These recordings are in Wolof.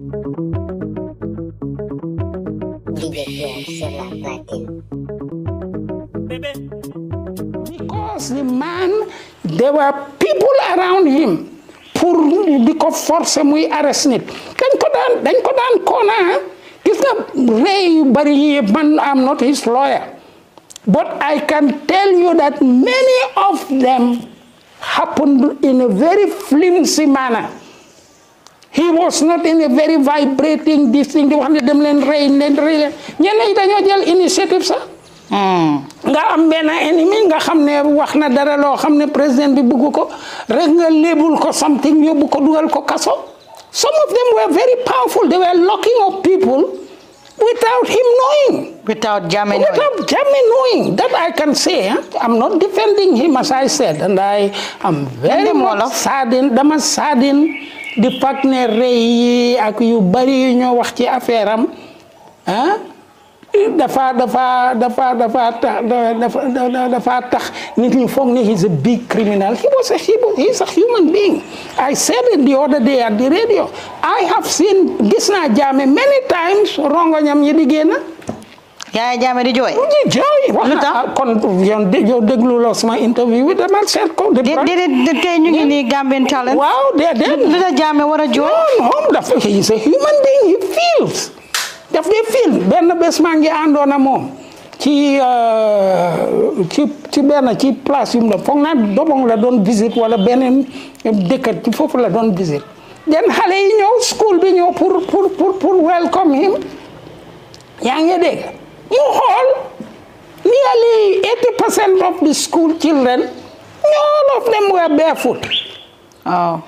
Because the man, there were people around him pour di ko force muy nit. dañ ko daan dañ ko daan kona gis nga rey yu bari yi man am not his lawyer but i can tell you that many of them happened in a very flimsy manner was not in a very vibrating this thing di wax ne dem leen rey leen rey leen ñenn yi initiative sir. Hmm. nga am benn ennemi nga xam ne wax na dara loo xam ne président bi bëgg ko rek nga lébul ko something yóbbu ko dugal ko kaso some of them were very powerful they were locking up people without him knowing. Without Jammeh knowing. Without Jammeh knowing. That I can say. Huh? I'm not defending him, as I said. And I am very much saddened. i saddened di fag ne ak yu bari ñoo wax ci affaire am ah dafa dafa dafa dafa dafa tax nit ñu foog ne he's a big criminal he was a he a human being I said it the other day at the radio I have seen gis naa jaame many times rongoñam yi di génn yaa ngi jaame di jooy. jooy wax na ah, kon yow déglu la sama interview bi ko. de de ñu ngi nii Gambian waaw de de lu war a jooy. moom dafa he benn bés maa ngi àndoon ak moom ci euh, ci ci benn ci place yu mu doon foog naa dobong la doon visite wala beneen dëkkat ci foofu la doon visite. den xale yi ñëw school bi ñëw pour pour pour pour welcome him yaa ngi dégg. all, nearly 80% of the school children, all of them were barefoot. Oh.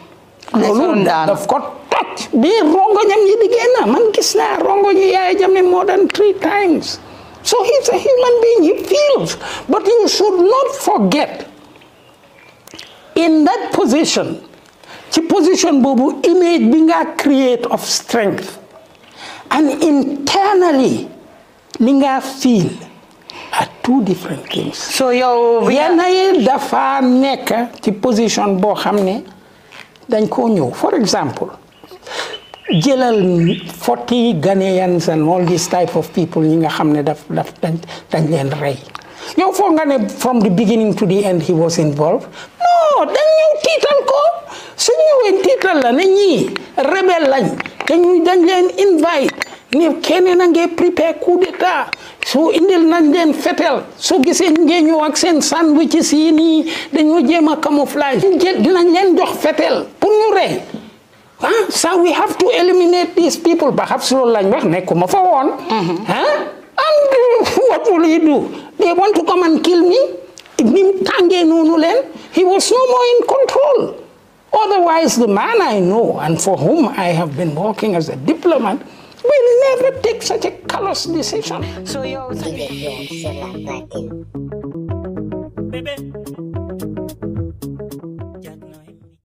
loolu daf be wrong bii rongoñam yi di man gis naa rongoñ yi more than three times so he's a human being he feels but you should not forget in that position the position boobu image being a create of strength and internally linga feel are two different things. so yow. yenn dafa nekk the position boo xam ne dañ koo for example jëlal forty Ghanaians and all these type of people ñi nga xam ne daf daf then dañ leen rey. yow from the beginning to the end he was involved No, then you tiital ko you ñëwee tiital la ne rebel lañ Then you then invite ne keneen a ngi prépare coup d'état So indil nañ leen fetel su gisee ngeen ak seen sandwiches yi nii dañoo jéem a camouflage dinañ leen jox fetel pour ñu rey ah ça we have to eliminate these people perhaps loolu lañ wax nekkuma fa woon mm-hmm. ah, and what will he do they want to come and kill me ni mu tàngee noonu leen he was no more in control otherwise the man I know and for whom I have been working as a diplomat we will never take such a callous decision. So you're also...